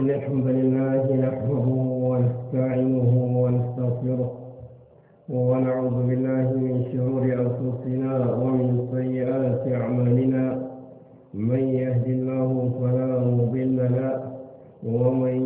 إن الحمد لله نحمده ونستعينه ونستغفره ونعوذ بالله من شرور أنفسنا ومن سيئات أعمالنا من يهد الله فلا مضل له ومن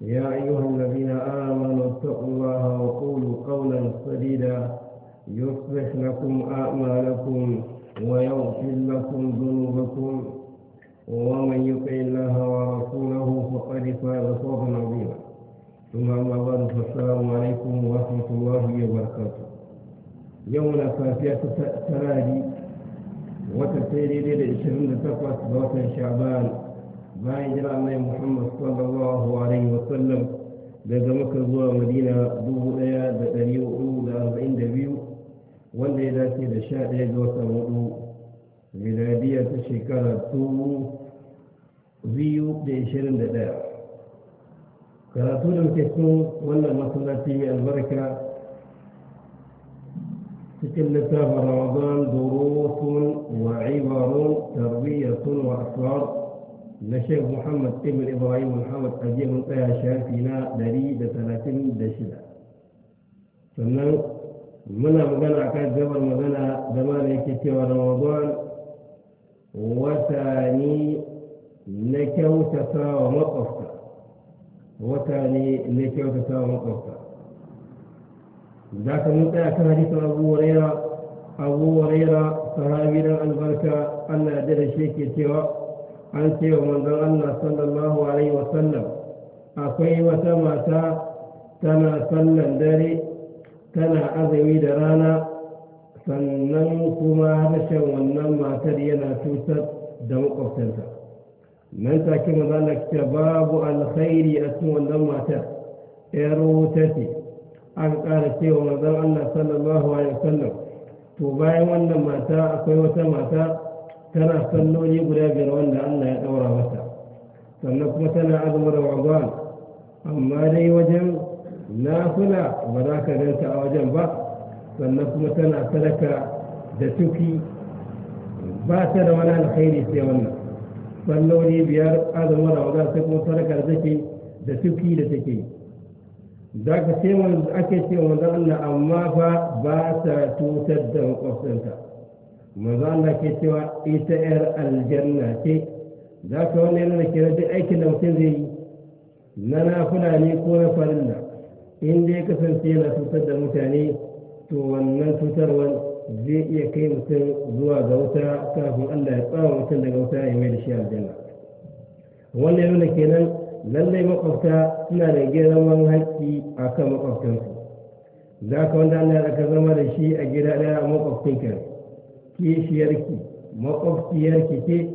يا أيها الذين آمنوا اتقوا الله وقولوا قولا سديدا يصلح لكم أعمالكم ويغفر لكم ذنوبكم ومن يطع الله ورسوله فقد فاز فوزا عظيما ثم أما بعد فالسلام عليكم ورحمة الله وبركاته يوم الأساسية تراجي وتسيري للعشرين تقوى شعبان bayan jira annai muhammad sallallahu alaihi wasallam daga maka zuwa madina dubu ɗaya da ɗari hudu da arba'in da biyu wanda ya dace da sha ɗaya ga watan hudu miladiya ta shekara dubu biyu da ishirin da ɗaya karatu da muke cikin wannan masallaci mai albarka cikin littafin ramadan durusun wa ibarun tarbiyyatun wa asrar نشيخ محمد ابن إبراهيم محمد أجيه منطقة شافينا دري بثلاثين دشدة ثم منا مغنى كان جبر مغنى زمان يكتي ورمضان وثاني نكو تساوى مقفة وثاني نكو تساوى مقفة ذاك منطقة كهديث أبو هريرة أبو هريرة صحابينا البركة أن أدري شيء كتير an ce wa manzon Allah sallallahu alaihi wasallam akwai wata mata tana sallan dare tana azumi da rana sannan kuma harshen wannan matar yana cutar da makwabtanta nan take mazalak ce babu alkhairi a cikin wannan matar yar wuta ce aka ƙara cewa manzon Allah sallallahu alaihi wasallam to bayan wannan mata akwai wata mata tana salloli guda biyar wanda Allah ya ɗaura mata sannan kuma tana azumin ramadan amma dai wajen nafila ba za ka ganta a wajen ba sannan kuma tana sadaka da tuki ba ta da wani alkhairi sai wannan salloli biyar da ramadan sai kuma sadaka da take da tuki da take da za ka ce wanda ake ce wanda Allah amma fa ba ta tutar da makwabtanta maza Allah ke cewa ita yar aljanna ce za ka wani yana ke duk aikin da mutum zai yi na nafula ne ko na farilla in dai kasance yana cutar da mutane to wannan cutarwar zai iya kai mutum zuwa ga wuta kafin Allah ya tsawa mutum daga wuta ya mai da shi aljanna wannan yana kenan lallai makwabta suna da girman haƙƙi a kan makwabtansu za ka wanda Allah ya zama da shi a gida ɗaya a makwabtinka kishiyarki makwabciyarki ce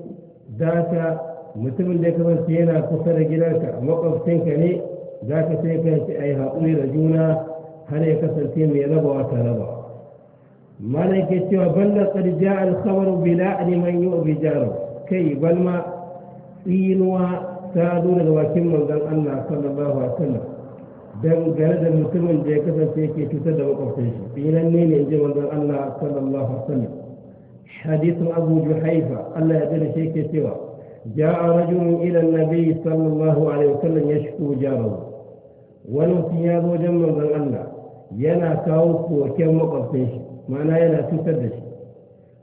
za ka mutumin da kamar yana kusa da gidanka makwabcinka ne za ka sai ka ce a yi haƙuri da juna har ya kasance mai rabawa ta raba mana yake cewa balla ƙarja alkhabar bila a neman yi obi jaro kai balma tsinuwa ta zo daga bakin manzon allah sallallahu alaihi wasallam dangane da mutumin da ya kasance yake cutar da makwabcin shi tsinan ne ne in ji manzan allah sallallahu alaihi wasallam حديث أبو جحيفة ألا يدل شيء سوى جاء رجل إلى النبي صلى الله عليه وسلم يشكو جاره ولو في هذا جمع ذن الله ينا كوف وكم مقف فيش ما ينا تسدش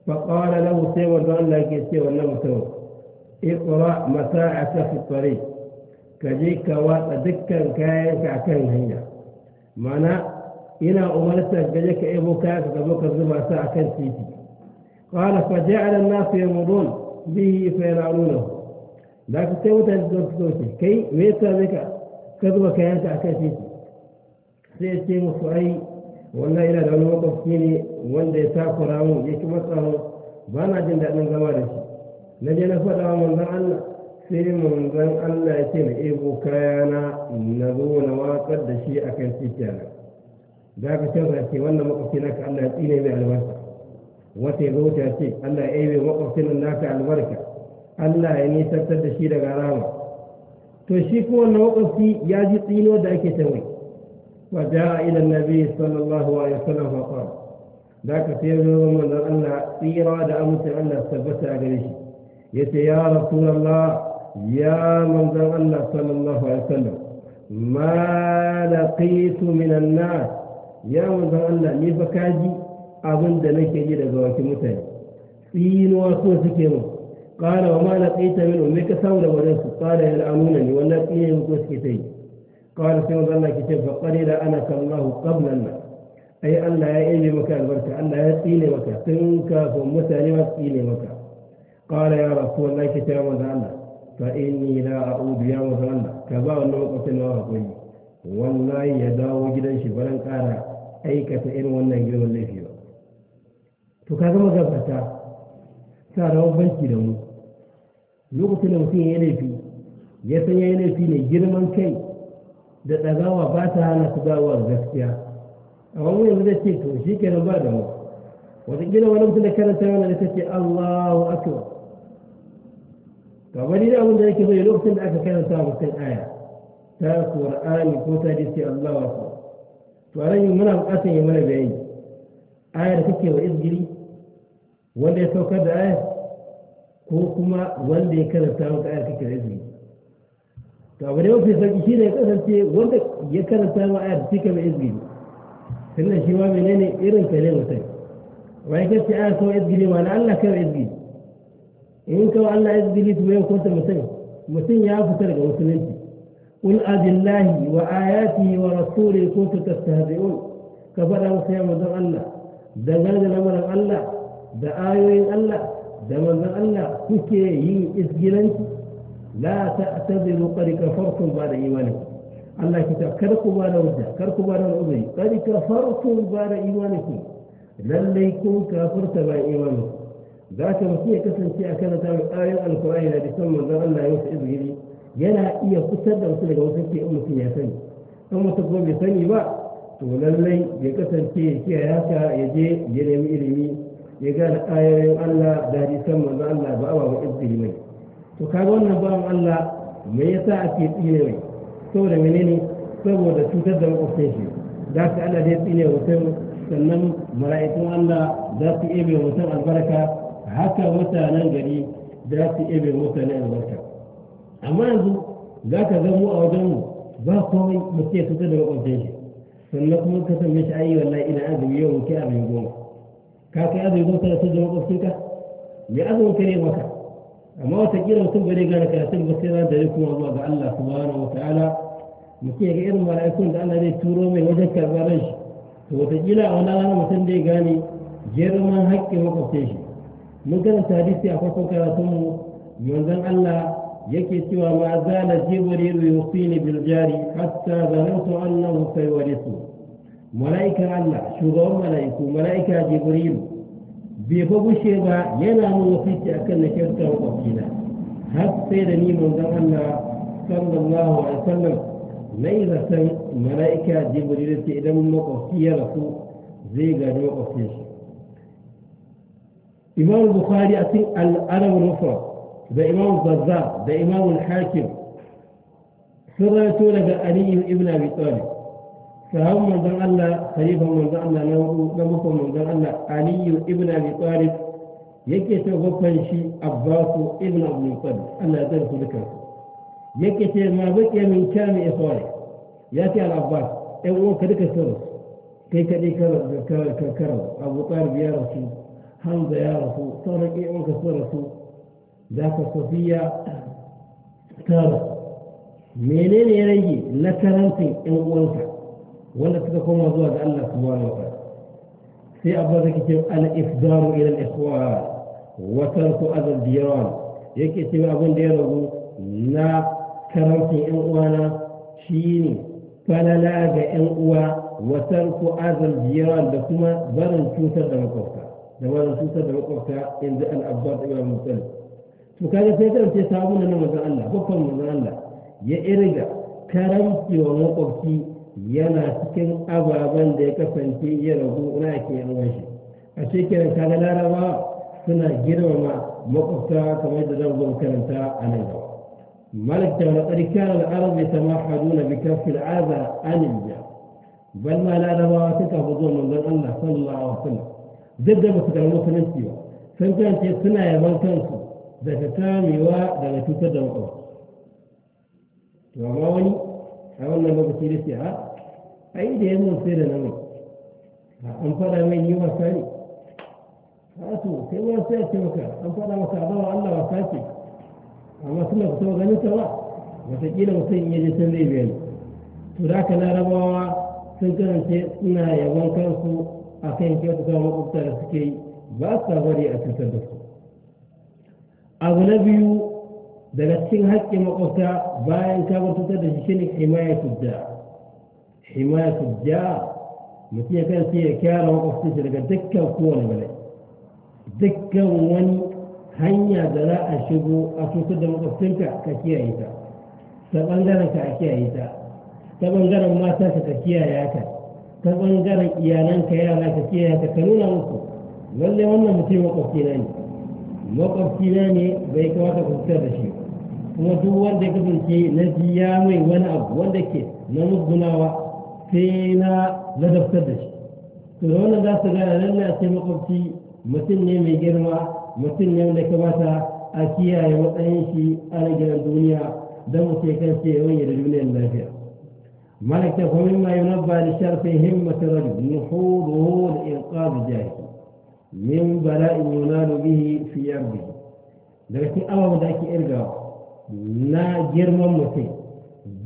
فقال له سوى ذن الله كي سوى النبي سوى اقرأ مساعة في الطريق كجيك وات كاين كاين كاكاين هنا ما لا إلى أمرتك جيك إبو كاكا بوكا زبا ساعة كنتيتي قال فجعل الناس يمرون به فيلعنونه ذاك سوى تجدون سوتي كي ميتا ذكا كذب كانت أكاتيتي سيأتي مصعي والله إلى دعون وقف فيني وان دي تاكرامو يكي مصعهم بانا جن دعنا زوارش نجينا فدعا من ذا الله سيري من ذا الله يتين إيبو كان نذون واقد شيء أكاتيتي ذاك سوى تجدون وقف فينك الله يتيني بألوانسك wata ya wuce ce Allah ya aibe makwabcin naka albarka Allah ya nisantar da shi daga rama to shi ko wannan makwabci ya ji tsino da ake ta mai wa ja'a ila nabi sallallahu alaihi wasallam fa qala da ka sai zo manzon Allah tsira da amsa Allah tabbata a gare shi yace ya rasulullah ya manzon Allah sallallahu alaihi wasallam ma laqitu min an-nas ya manzon Allah ni fa kaji abin da nake ji daga wakil mutane tsinuwa ko suke mu Ƙara wa ma na tsaita min me ka samu da wajen su kala yin la'anuna ne wannan tsinuwa ko suke ta yi Ƙara sai wanzan na ke ce ba qali da ana kallahu qablan na ai Allah ya yi maka albarka Allah ya tsine maka tun kafin mutane ma tsine maka Ƙara ya wannan ke ce manzo Allah fa na a a'udu ya wanzan Allah ka ba wannan makwabcin nawa hakuri wallahi ya dawo gidan shi baran kara aikata irin wannan girman laifi to ka zama gabata ta rawa banki da mu lokacin da mutum ya laifi ya san ya laifi ne girman kai da ɗagawa ba ta hana su gawa gaskiya amma mu yanzu zai ce to shi kenan ba da mu wataƙila wani mutum da karanta yana da ta ce allahu akbar kamar yadda abin da yake zai lokacin da aka karanta mutum aya ta qur'ani ko ta dace Allah Allahu ku to ran muna buƙatar yi mana bayani aya da kake wa izgiri wanda ya saukar da ayar ko kuma wanda ya karanta maka ayar kake da izini to abu ne mafi sauki shi ne ya kasance wanda ya karanta ma ayar shi cika mai izini sannan shi ma menene irin ka ne mutum wai ka ce ayar kawai izini ma na Allah kawai izini in kawo Allah izini to yau kwanta mutum mutum ya fita daga musulunci قل أبالله وآياته ورسوله كنتم تستهزئون كفر mazan Allah. الله da الأمر الله da ayoyin Allah da manzon Allah kuke yin isgilanci la ta'tadiru qad kafartum ba'da imani Allah ki ta kar ku ba da wanda kar ku ba da uzuri qad kafartum ba'da imanikum lalle kun kafirta ba imani za ka mutum ya kasance a kan tarin ayoyin alkur'ani da bisan manzon Allah ya wasu izgiri yana iya fitar da wasu daga wasu ke in mutum ya sani in mutum kuma sani ba to lallai ya kasance ya kiyaye haka ya je ya nemi ilimi يقال آية يو الله داري سمى ذا الله بأوى وإذ بلوي تكابونا بأوى الله ما يتاكي إليوي تولى منيني تولى دا تتدم أفتيشي داك ألا ديت إلي وتو سنم مرأيكم الله داك إبي وتو البركة حكا وتا ننجري داك إبي وتا البركة أما ذو ذاك ذمو أو ذمو ذا قوي مكيه تتدم أفتيشي فلنقم الكتب مش أي والله إلى أذي يوم كامل يقول ka kai azumi kuma kana son da makwabcinka mai azumin ka ne maka amma watakila mutum ba zai gane karatun ba sai ran da kuma zuwa ga Allah subhanahu wa ta'ala mutum ya ga irin mala'ikun da Allah zai turo mai wajen karɓar ran shi to watakila a wani rana mutum zai gane girman haƙƙin makwabcin shi mun karanta hadisi a farkon karatunmu manzon Allah yake cewa ma zala jibril yusini bil jari hatta zanantu annahu sayawrisu malaika Allah shugaban malaiku malaika jibril bai ba gushe ba yana mun wasiki akan na kyauta wa har sai da ni manzan Allah sallallahu alaihi wasallam mai zaton mala'ika jibril ce idan makwafci ya rasu zai gani makwafcin shi imam bukhari a cikin al'adab da imam bazza da imam hakim sun rato daga aliyu ibn abi talib sahabu manzon Allah sahiban manzon Allah na hudu na bakon manzon Allah aliyu ibn abi talib yake ce bakon shi abbasu ibn abi talib Allah ya tsare su dukan yake ce ma bakiya min ya ikhwani ya ce al abbas ɗan ka duka sun kai kaɗai karar abu talib ya rasu hamza ya rasu sauran ɗan uwanka sun rasu za ka sofiya ta rasu menene ya rage na karantin ɗan uwanka ولا تكون موضوع قال لك سبحان الله في أبواب كتير أنا إفضار إلى الإخوان وترك أذى الجيران يكتب أبو الدين لا كرمت إخوانا شيني فلا لاقى إخوة وترك أذى الجيران لكما برن توتر دمكوكا دمان توتر دمكوكا إن ذا الأبواب إلى المسلم فكان يتكلم في تابون أنه مزال الله بفهم مزال الله يا إرجع كرمتي ومقبتي yana cikin ababen da ya kasance ya rabu na ke yawan shi a cikin kaga laraba suna girmama makwabta kamar da zan zan karanta a nan gaba malik ta wani tsarkiyar al'arab ya sama haduna bi kafin aza anil ja bal ma larabawa suka fi zuwa manzon allah sallallahu alaihi wasallam duk da ba su karɓi musulunci ba sun kance suna yaban kansu daga kamewa daga cutar da makwabta to amma wani a wannan lokaci da ce a yi da yamma sai da nan an fada mai yi wasa ne a to sai wani sai ce maka an fada maka a bawa Allah wasa ce amma suna fito ganin ta ba wataƙila mutum ya je can zai bayani to da haka larabawa sun karance suna yawan kansu a kan kyautata makwabta da suke yi ba su bari a cutar da su abu na biyu daga cikin haƙƙi makwabta bayan ka mutuntar da shi shine himayatu da himayatu da mutum ya kan sai ya kyara makwabta shi daga dukkan kowane bane dukkan wani hanya da za a shigo a cutar da makwabcinka ka kiyaye ta ta ɓangaren ka a kiyaye ta ta ɓangaren mata ka kiyaye ta ta ɓangaren iyalan ka yara ka kiyaye ta ka nuna musu lallai wannan mutum makwabcina ne makwabcina ne bai kamata ku fitar da shi ba kuma duk wanda ya kasance na jiya mai wani abu wanda ke na musgunawa sai na ladabtar da shi to da wannan za su gana nan na ce makwabci mutum ne mai girma mutum ne wanda kamata a kiyaye matsayin shi a na duniya don mu ce kan ce yawan yadda duniyar lafiya malaka kuma ma yi nabba da sharfin himmata rajul nuhuruhu da inqazu jahi min bala'in yunalu bihi fi yarbi daga cikin ababen da ake irgawa na girman mutum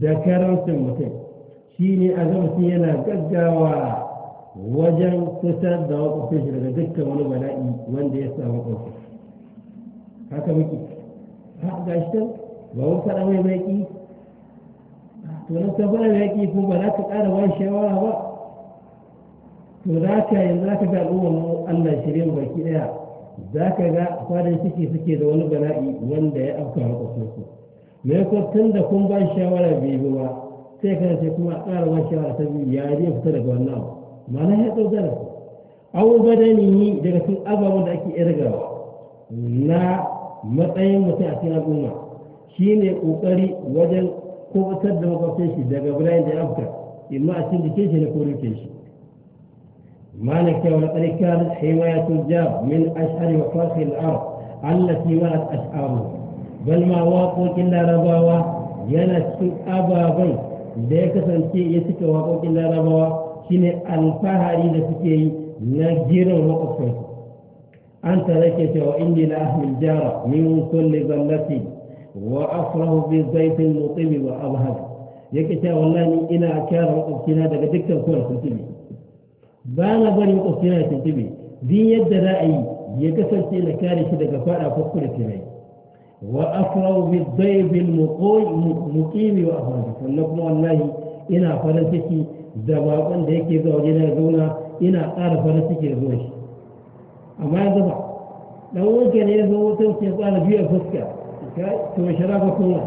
da karancin mutum shi ne a mutum yana gaggawa wajen fitar da wakwafin shi daga dukkan wani bala'i wanda ya samu ƙofi haka muke ha ga shi ba wani faɗa mai baƙi to na ta faɗa baƙi ko ba za ka ƙara wani shawara ba to za ka yanzu za ka ga al'ummar Allah shirin baki ɗaya za ka ga farin ciki suke da wani bala'i wanda ya afka makwabcinsu mai kwabtun da kun ba shawara bai yi ba sai ka ce kuma tsara wani shawara ta biyu ya zai fita daga wannan abu ma'ana ya tsau zara awon yi daga cikin ababen da ake irgawa na matsayin mutum a cikin al'umma shi ne ƙoƙari wajen kubutar da makwabcin shi daga bulayin da ya afka imma a cikin jikin shi na ko shi مالك ولقد كانت حماية الجار من أشعر وفرخ الأرض التي ولت أشعاره بل ما واقوك إلا رباوة ينسو أبا بي ليك سنتي يسك واقوك إلا رباوة شنو الفهري لسكي نجير وقفك أنت لك وإني لأهل الجار من كل ظلتي وأفره بالزيت المطيب وأظهر يكتا والله إلى أكار وقفتنا دقدك الكرة تبي ba na barin ƙwafina ta tuntuɓe din yadda za a yi ya kasance na kare shi daga fada kuskure tunai wa afrau bi daibin muqimi wa afrau sannan kuma wallahi ina farin ciki da bakon da yake zuwa waje na zauna ina ƙara farin ciki da zuwa shi amma yanzu ba dan wanka ne ya zo wutar ce tsara biya fuska to sharafa kuma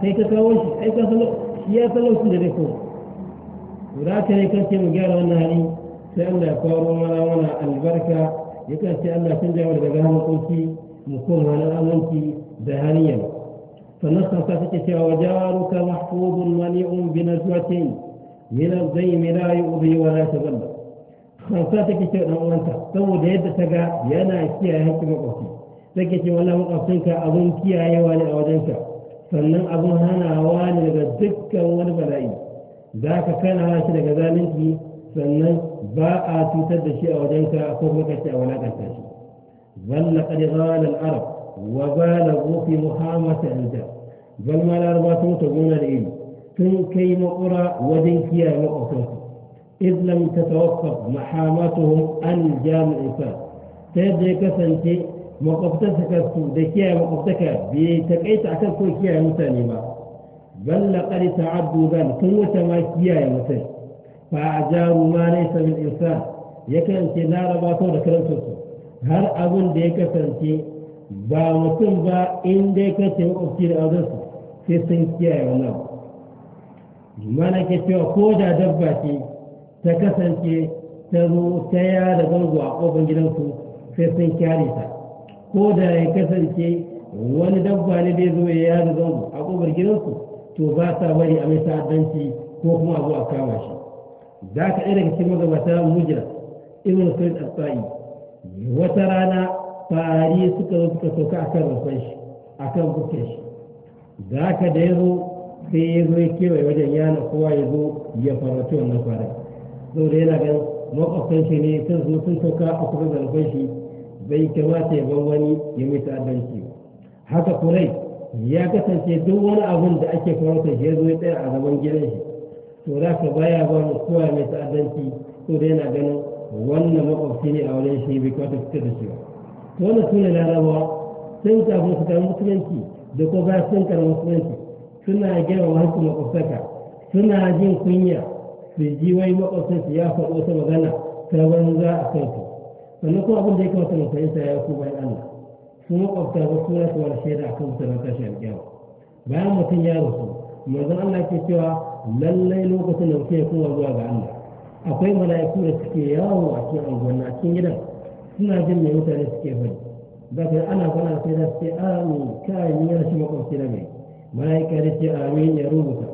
sai ka kawo shi ai ka salo shi ya salo shi da dai kowa ولكن يمكن أن يقال أنها تأمل كورونا ولا البركة يمكن أن تأمل تنجع ولدها وقوتي مقوم على أمنك ذهنيا فالنصر صفتك وجارك محفوظ مليء بنزوة من الزيم لا يؤذي ولا تغلب خاصتك تقول أنت تقول يد سجى يانا إشياء هيك بقولي لكن والله مقصنك أظن كيا يوالي أودنك فلن أظن هنا أوان لقد ذكر ولا بلاي za ka kana shi daga zalunci sannan ba a cutar da shi a wajenka ko kuma ka ce a walakanta shi balla qad ghala al-arab wa balagu fi muhammasa al-jab bal ma larba sun ta gona da iri sun kai makura wajen kiyaye makwabtansu إذ لم تتوقف محامتهم عن جامع الإنسان تبدأ كسنتي مقفتك السودكية مقفتك بتكعيت عكس كل كيا مسلمة balla ta ta'addu zan kun wata ma kiyaye mutum fa ajaru ma laysa bil insan ya kasance laraba to da karanta su har abin da ya kasance ba mutum ba inda ya kace makwabci da auren su sai sun kiyaye wannan mana ke cewa ko da dabba ce ta kasance ta zo ta ya da zango a kofar gidansu sai sun kiyaye ta ko da ya kasance wani dabba ne da ya zo ya da zango a kofar gidansu to ba sa bari a mai sa'adanci ko kuma abu a kama shi za ka ɗaya daga cikin magabata mujira ibn sa'id al-sa'i wata rana fari suka zo suka sauka akan rufan shi akan bukin shi za ka da ya zo sai ya zo ya kewaye wajen yana kowa ya zo ya farauci wannan farin saboda yana ganin makwabtan shi ne sun zo sun sauka a kuma da shi bai kamata ya ban wani ya mai ta'addanci haka kurai ya kasance duk wani abun da ake farauta ya zo ya a gaban gidan shi to za ka baya ba mu kowa mai ta'addanci ko da yana ganin wannan makwabci ne a wurin shi bai kwata fitar da shi ba to wannan su ne larabawa sun kafin su karɓi musulunci da ko ba sun karɓi musulunci suna girma wasu makwabtaka suna jin kunya su ji wai su ya faɗo wata magana ta za a kansu sannan kuma abin da ya kamata mu fahimta ya ku bayan Allah Kuma makwabta ba su rasu wani shaida a kan mutanen tashi alƙiyawa bayan mutum ya rasu manzon Allah ke cewa lallai lokacin da mutum ya koma zuwa ga Allah akwai mala'iku da suke yawo a cikin unguwanni a cikin gidan suna jin mai mutane suke bai za ka ana fara sai za su ce amin kai ni yana shi makwabci na mai mala'ika da ce amin ya rubuta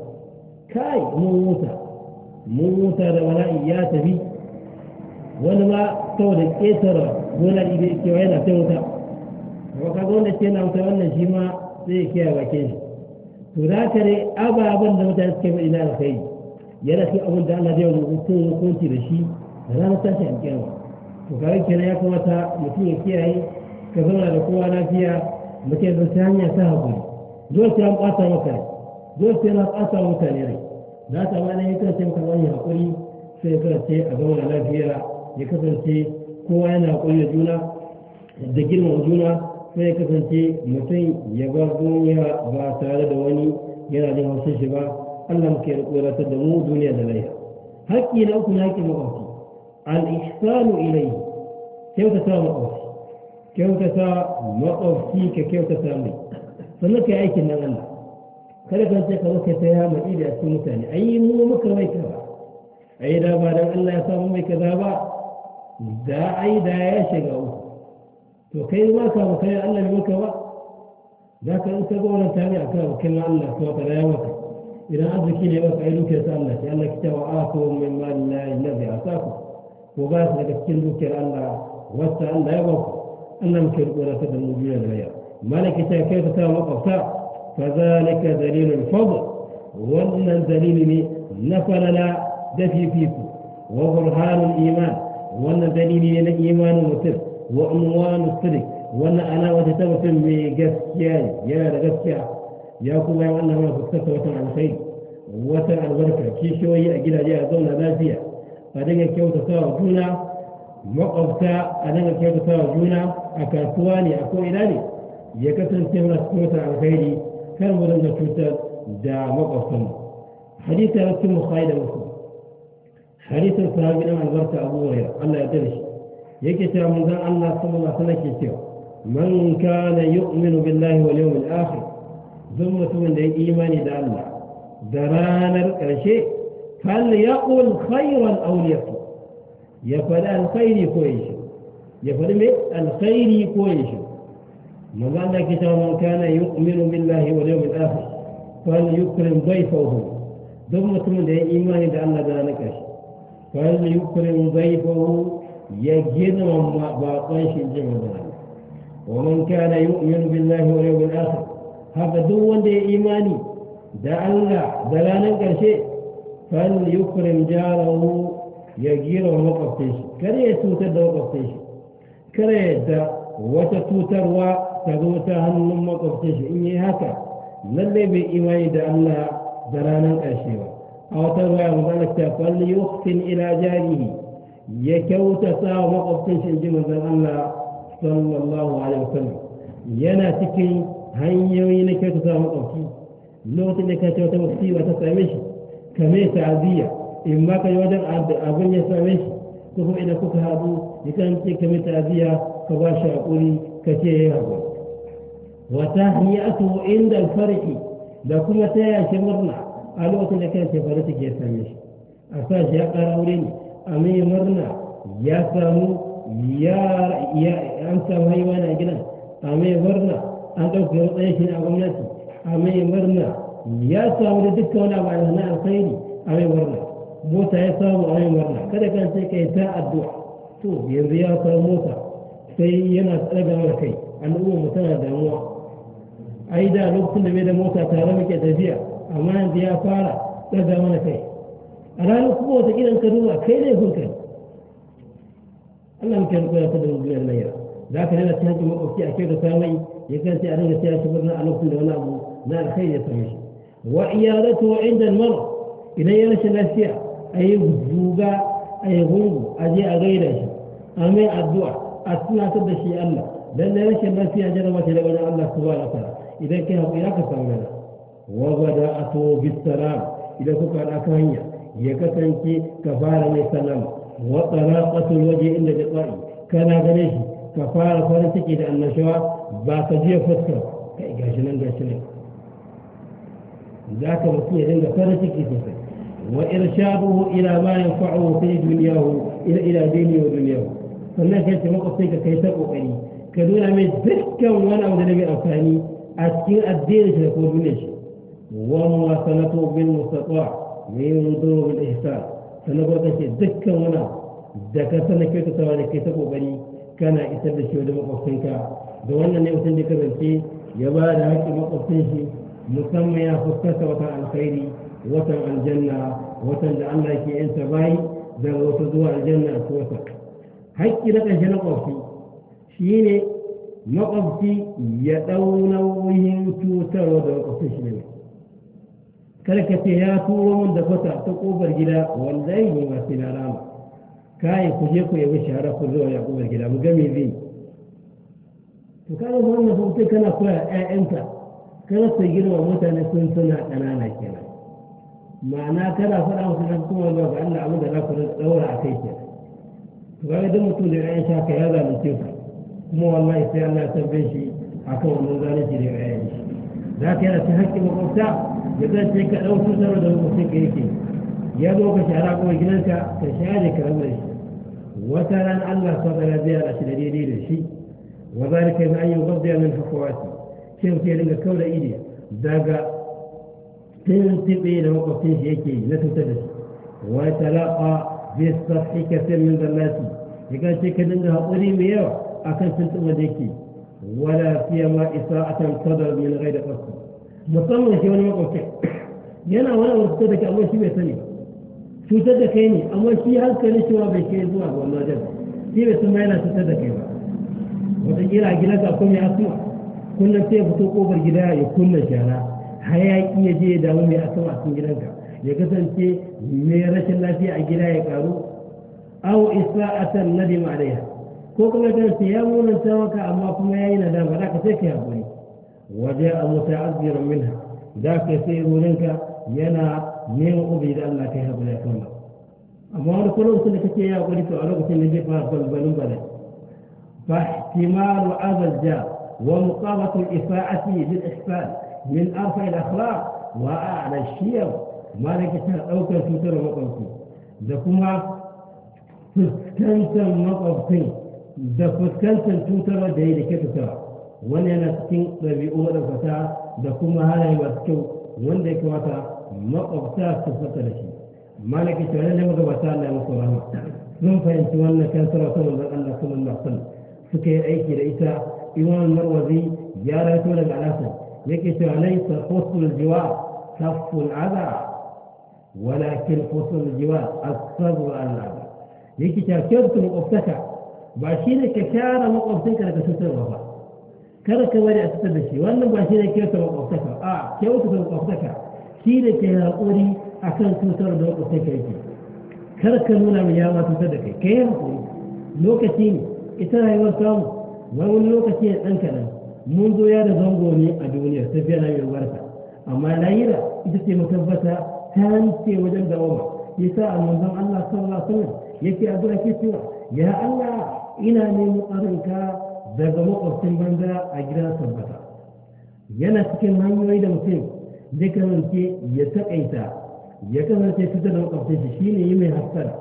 kai mun wuta mun wuta da mala'i ya tafi wani ma saboda ƙetare gona ibe cewa yana ta wuta wanda ce na wuta wannan shi ma zai kiyaye bakin shi to za ka dai ababen da mutane suke mai ina da kai yana fi abin da Allah zai wani hukun hukunci da shi da ranar tashi an kiyama to kawai kenan ya kamata mutum ya kiyaye ka zauna da kowa lafiya mutum ya ta hanya ta haƙuri zuwa ta yan ɓata maka ne zuwa ta yan ɓata wa mutane rai za ta ma ne ya kasance maka wani haƙuri sai ya kasance a zauna lafiya ya kasance kowa yana haƙuri da juna da girmama juna sai kasance mutum ya bar duniya ba tare da wani yana jin haushin shi ba Allah muke rikoratar da mu duniya da laifi haƙƙi na uku na haƙƙin maƙwabci al-ihsanu ilayhi kyautata maƙwabci kyautata maƙwabci ka kyautata mai sannan ka yi aikin nan Allah kada ka ce ka zo kai ta ya mai da cikin mutane ai mu muka mai ka ba ai da ba dan Allah ya samu mai kaza ba da ai da ya shiga uku وكيف ما كان وكيف أن يوكوا ذاك أنت قولا ثانية أكاو كلا ألا كوات لا يوكا إلى أرض كين يوكا إلوك يسألنا كألا كتوا آكم مما لا الذي أعطاكم وقالت لك كين بوكا ألا واتا ألا يوكا ألا مكين قولا فتا موجودا ما لك إتا كيف تا وقفتا فذلك دليل الفضل وأن الدليل نفل لا دفي فيكم وبرهان الإيمان وأن الدليل إلى إيمان وتفل وعنوان السري ولا انا وجدته في قسيا يا رقسيا يا كل يا وانا ما فكرت وتر على خير وتر على بركه كي شويه اجل اجل اظن نازيا بعدين كيف تساوى جونا وقفت انا كيف تساوى جونا اكاسواني اكو الالي يا كثر كيف نسكت على خير كان مدن نسكت دا وقفت حديث رسول خايد حديث الصحابي عن نعم بركه ابو هريره الله يدرش yake cewa manzon Allah sallallahu alaihi wasallam ke cewa man kana yu'minu billahi wal yawmil akhir duk mutumin da ya imani da Allah da ranar ƙarshe fal yaqul khayran aw liyaqul ya faɗi alkhairi ko ya shi ya faɗi mai alkhairi ko ya shi manzo Allah ke cewa man kana yu'minu billahi wal yawmil akhir fal yukrim dayfahu duk mutumin da ya imani da Allah da ranar ƙarshe fal yukrim dayfahu ya gina baƙon shi jin magana wa man kana yu'minu billahi wal yawmil akhir haka duk wanda ya imani da Allah da ranar ƙarshe fal yukrim jarahu ya gina makwabcin shi kar ya tutar da makwabcin shi kar ya yadda wata tutarwa ta zo ta hannun makwabcin shi in yi haka lallai bai imani da Allah da ranar ƙarshe ba a wata ruwa ya magana ta fal yukrim ila jarihi ya kyautata wa makwabcin shi inji manzon Allah sallallahu alaihi wasallam yana cikin hanyoyi na kyautata wa makwabci lokacin da ka wata musiba ta same shi kame ta'aziyya in ma ka yi wajen abin ya same shi ko kuma idan kuka haɗu ya kan ce ta'aziyya ka ba shi haƙuri ka ce ya yi haƙuri wata hiyatu inda alfarki da kuma ta yashe murna a lokacin da kan ce farin ke ya same shi a sa shi ya ƙara wuri ne a murna ya samu ya an samu haihuwa na gidan a mai murna an ɗauki matsayin shi a gwamnati a mai murna ya samu da dukkan wani abu na alkhairi a mai murna mota ya samu a mai murna kada kan sai kai ta addu'a to yanzu ya samu mota sai yana mana kai al'umma mu tana damuwa ai da lokacin da bai da mota tare muke tafiya amma yanzu ya fara tsaga mana kai أنا أقول لك إذا أنت روما كيف يكون كان؟ الله يمكن أن يكون هذا الجيل المياه لكن هذا الشهد مؤكي أكيد فامي يكن سيارين السيارة سبرنا أن أقول لنا أنا نار خير أنا وإيادته عند أنا إذا يرش أنا أي غزوغا أنا غنب أجي أنا أشي أمي أنا أثناء تدشي أنا لأن يرش أنا جرى ما أنا الله سبحانه أنا إذا كان أنا إلاك فامينا أنا بالسلام إذا أنا أكاينيا ya kasance ka fara mai wa talaqatul waje inda jazai kana gane shi kafara fara farin ciki da annashawa ba ka jiya fuskar kai gashi nan gashi nan ذاك mutum ya dinga farin ciki sosai wa irshaduhu ila ma yanfa'uhu fi dunyahu ila ila dini wa dunyahu sannan kai ce makwabci ka kai ta kokari ka nuna mai dukkan wani abu da mai amfani a cikin addinin shi da kuma duniyar shi wa muwasalatu bil mustata من وضوء الإحسان سنبوك شيء دكا ونا دكا سنكيت سوالي كتبو بني كان إسر الشيء لما قفتنك دوانا نيوتن ذكر الشيء يبارا هكي ما قفتنشي مسميا خصتا وطن الخيري وطن الجنة وطن لعلا كي إنسا باي ذا وصدوا الجنة كوسا هكي لك الجنة قفتي شيني ما قفتي يدون وهم توتا وضوء قفتنشي kada ka ce ya turo min da fata ta kofar gida wanda yi yi sai na rama kai ku je ku yabi shahara ku zo ya kofar gida mu gami me zai to ku wannan sun sai kana koya ƴaƴanka kana sai girma mutane sun suna ƙanana kenan ma'ana kana faɗa musu nan kuma ba ga Allah abin da za ku daura a kai kenan to kaga duk mutum da ƴaƴan shaka ya zalunce ka kuma wallahi sai Allah ya tambaye shi akan wannan zalunci da ƴaƴan shi za ka yi da ta haƙƙin makwabta dukkan sai ka ɗauki zama da mutum ka yake ya zo ka shara kuma gidanka ka share ka rabu da shi wata ran Allah ta tsara zai a shi da daidai da shi wa zalika ma ayyu ghadda min hafawati shin sai dinga kauda ide daga tintibe da makwabcin shi yake na tutar da shi wa talaqa bi sahi kasir min dallati yaga ce ka dinga haƙuri mai yawa akan tuntuɓa da yake wala fiye ma isa'atan kadar min ghaida qasd musamman shi wani makwabcin yana wani wasu da ke amma shi bai sani cutar da kai ne amma shi hankali cewa bai kai zuwa ga wannan wajen shi bai sun ma yana cutar da kai ba wata kira a gidanka akwai ya asuma kullum sai ya fito kofar gida ya kunna shara hayaki ya je ya damu mai asuma a cikin gidanka ya kasance mai rashin lafiya a gida ya karu aw isla'atan nadi alaiha ko kuma dan sai ya munanta maka amma kuma ya yi nadama da ka sai ka yi hakuri وجاء متعذرا منها ذاك يسير منك ينا من قبيل أن تهب كيها بلا أما أنا كل وقت لك يا أقولي تعلق تنجي فارقل بلون فاحتمال هذا الجاء ومقاومة الإفاعة للإحسان من أرفع الأخلاق وأعلى الشيم ما لك أو كسوتر مقبتي دكما فسكنت دكما دفتكنت توتر ديري كتوتر wani yana cikin ɗabi'u maɗaukata da kuma halaye masu kyau wanda ya kamata maƙwabta su fata da shi malaki shi wani ne magabata Allah ya musu rahama sun fahimci wannan kan sarrafa manzon Allah sallallahu alaihi suka yi aiki da ita imam marwazi ya rawaito daga alasa yake cewa sa husnul jiwa kaful adha walakin husnul jiwa as Allah al-adha yake cewa kyautu maƙwabtaka ba shi ne ka kyara maƙwabtanka daga cutarwa ba kada ka bari a fitar da shi wannan ba shi ne kyauta wa a kyauta wa makwabtaka. shi ne ke haƙuri a kan cutar da kwaftaka yake Kar ka nuna mai yawa cutar da kai kai haƙuri lokaci ne ita rayuwar samu wani lokaci ne ɗan kaɗan mun zo ya da zango ne a duniya ta biya rayuwar barka amma lahira ita ce matabbata ta hance wajen dawama yasa a manzon Allah sallallahu alaihi wasallam yake addu'a ke cewa ya Allah ina neman tsarinka daga makwabcin banza a gidan sabbata yana cikin hanyoyi da mutum zai kasance ya taƙaita ya kasance fitar da makwabcin shi shine yi mai hassara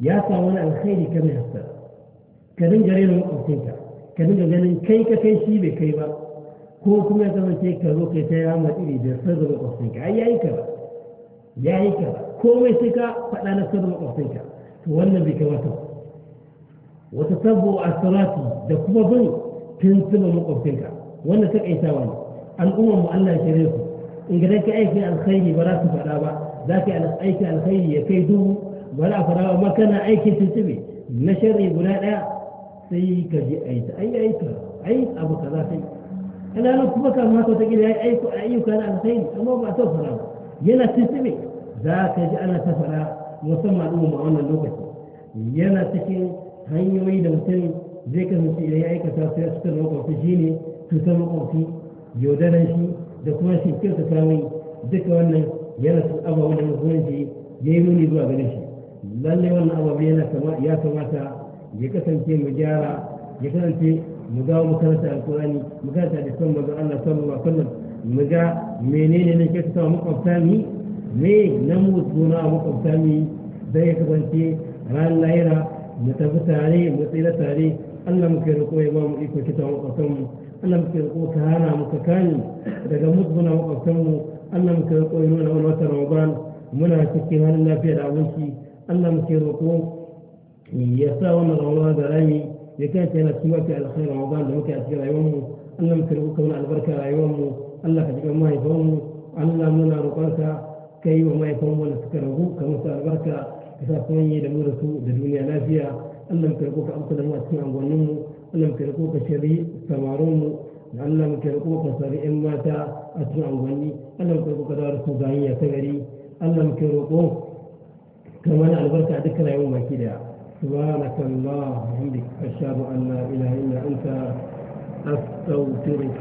ya samu wani alkhairi ka mai hassara ka dinga rena makwabcinka ka dinga ganin kai ka kai shi bai kai ba ko kuma ya kasance ka zo kai ta yama iri da sarrafa ka ai yayi ka ba yayi ka ba komai sai ka faɗa na sarrafa makwabcinka to wannan bai kamata ba wata sabo asirati da kuma bin tinsila makwabcinka wannan takaitawa ne al'ummar mu Allah ya kire su in ga dake aiki alkhairi ba za su faɗa ba za ka yi aiki alkhairi ya kai dubu ba za a faɗa ba amma na aiki tuntube na sharri guda ɗaya sai ka ji aita ai aita ai abu kaza sai ana nan kuma ka ma ta gida ya aiko ayyuka na alkhairi amma ba ta fara ba yana tuntube za ka ji ana ta faɗa musamman al'umma a wannan lokaci yana cikin hanyoyi da mutum zai kasance idan ya aikata su ya cutar makwabci shi ne cutar makwabci yaudaran shi da kuma shi kyauta samun duka wannan yana su ababen da musulunci ya yi muni zuwa ganin shi lalle wannan ababe yana ya kamata ya kasance mu gyara ya kasance mu ga makaranta alkurani makaranta da son mazan allah sallallahu alaihi sallam mu ga menene ne kyauta makwabta ni me na mu suna makwabta ni da ya kasance ran layira. mu tafi tare mu tsira tare Allah muke roƙo ya ba mu iko kita makwabtan mu Allah muke roƙo ka hana mu ka kani daga musguna makwabtan mu Allah muke roƙo ya nuna wani wata Ramadan muna cikin halin lafiya da abinci Allah muke roƙo ya sa wannan Ramadan da rami ya kanta yana cikin mafi alkhairi Ramadan da muke a cikin rayuwar mu Allah muke roƙo ka muna albarka rayuwar mu Allah ka jiƙa mahaifan mu Allah muna roƙonka kai wa mahaifan mu da suka ragu ka musu albarka isa kuma yi da mu da su da duniya lafiya Allah muke rako ka amsa da mu a cikin angonin mu Allah muke rako ka shari samarin mu da Allah muke rako ka sari ƴan mata a cikin angonni Allah muke rako ka dawo da su ga hanya ta gari Allah muke rako ka mana albarka dukkan rayuwar baki daya سبحانك اللهم وبحمدك أشهد أن لا إله إلا أنت أستغفرك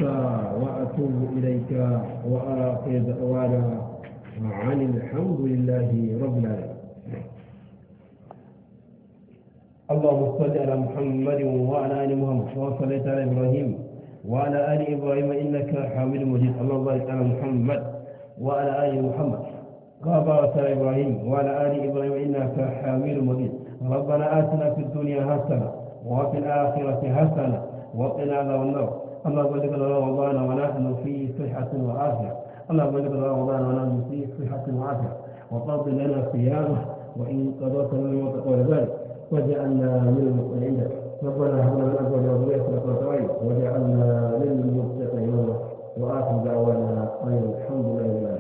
وأتوب إليك وآخر دعوانا عن الحمد لله رب العالمين اللهم صل على محمد وعلى ال محمد كما صليت على ابراهيم وعلى ال ابراهيم انك حميد مجيد اللهم بارك على محمد وعلى ال محمد كما باركت على ابراهيم وعلى ال ابراهيم انك حميد مجيد ربنا اتنا في الدنيا حسنه وفي الاخره حسنه وقنا عذاب النار اللهم بارك لنا رمضان ونحن في صحه وعافيه اللهم بارك لنا رمضان ونحن في صحه وعافيه وقض لنا صيامه وان قضيت لنا وتقول ذلك وجعلنا من المطمئنين ربنا هب لنا من ازواجنا وذريتنا قرة اعين وجعلنا للمتقين واخر دعوانا ان الحمد لله